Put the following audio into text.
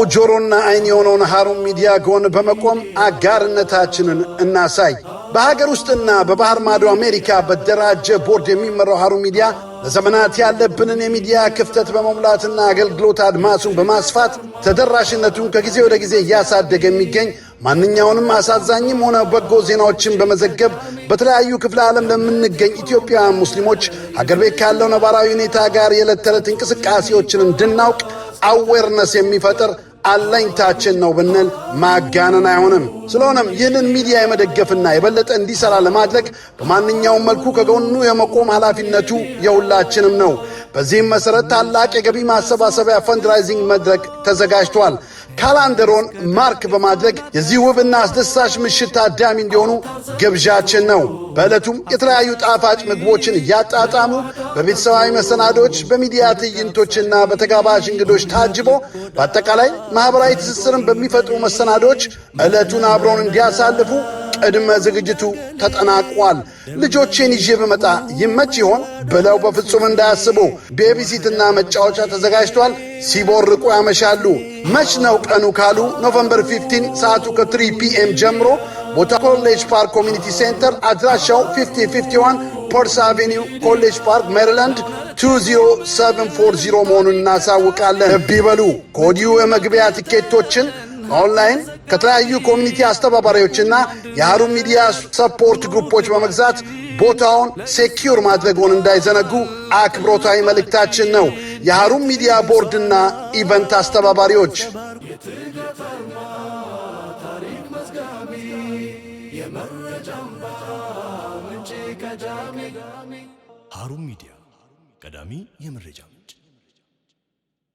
ለሌላው ጆሮና አይን የሆነውን ሐሩን ሚዲያ ጎን በመቆም አጋርነታችንን እናሳይ። በሀገር ውስጥና በባህር ማዶ አሜሪካ በደራጀ ቦርድ የሚመራው ሐሩን ሚዲያ ለዘመናት ያለብንን የሚዲያ ክፍተት በመሙላትና አገልግሎት አድማሱን በማስፋት ተደራሽነቱን ከጊዜ ወደ ጊዜ እያሳደገ የሚገኝ ማንኛውንም አሳዛኝም ሆነ በጎ ዜናዎችን በመዘገብ በተለያዩ ክፍለ ዓለም ለምንገኝ ኢትዮጵያውያን ሙስሊሞች ሀገር ቤት ካለው ነባራዊ ሁኔታ ጋር የዕለት ተዕለት እንቅስቃሴዎችን እንድናውቅ አዌርነስ የሚፈጥር አለኝታችን ነው ብንል ማጋነን አይሆንም። ስለሆነም ይህንን ሚዲያ የመደገፍና የበለጠ እንዲሰራ ለማድረግ በማንኛውም መልኩ ከጎኑ የመቆም ኃላፊነቱ የሁላችንም ነው። በዚህም መሠረት ታላቅ የገቢ ማሰባሰቢያ ፈንድራይዚንግ መድረክ ተዘጋጅቷል። ካላንደሮን ማርክ በማድረግ የዚህ ውብና አስደሳች ምሽት ታዳሚ እንዲሆኑ ግብዣችን ነው። በዕለቱም የተለያዩ ጣፋጭ ምግቦችን እያጣጣሙ በቤተሰባዊ መሰናዶች፣ በሚዲያ ትዕይንቶችና በተጋባዥ እንግዶች ታጅቦ በአጠቃላይ ማኅበራዊ ትስስርን በሚፈጥሩ መሰናዶች ዕለቱን አብረውን እንዲያሳልፉ ቅድመ ዝግጅቱ ተጠናቋል። ልጆቼን ይዤ ብመጣ ይመች ይሆን ብለው በፍጹም እንዳያስቡ ቤቢሲትና መጫወቻ ተዘጋጅቷል። ሲቦርቁ ያመሻሉ። መች ነው ቀኑ ካሉ ኖቨምበር 15 ሰዓቱ ከ3 ፒኤም ጀምሮ ቦታ ኮሌጅ ፓርክ ኮሚኒቲ ሴንተር አድራሻው 551 ፖርስ አቬኒው ኮሌጅ ፓርክ ሜሪላንድ 20740 መሆኑን እናሳውቃለን። እቢ በሉ ከወዲሁ የመግቢያ ትኬቶችን ኦንላይን ከተለያዩ ኮሚኒቲ አስተባባሪዎችና የአሩ ሚዲያ ሰፖርት ግሩፖች በመግዛት ቦታውን ሴኪዩር ማድረጉን እንዳይዘነጉ አክብሮታዊ መልእክታችን ነው። የሀሩን ሚዲያ ቦርድና ኢቨንት አስተባባሪዎች ሀሩን ሚዲያ ቀዳሚ የመረጃ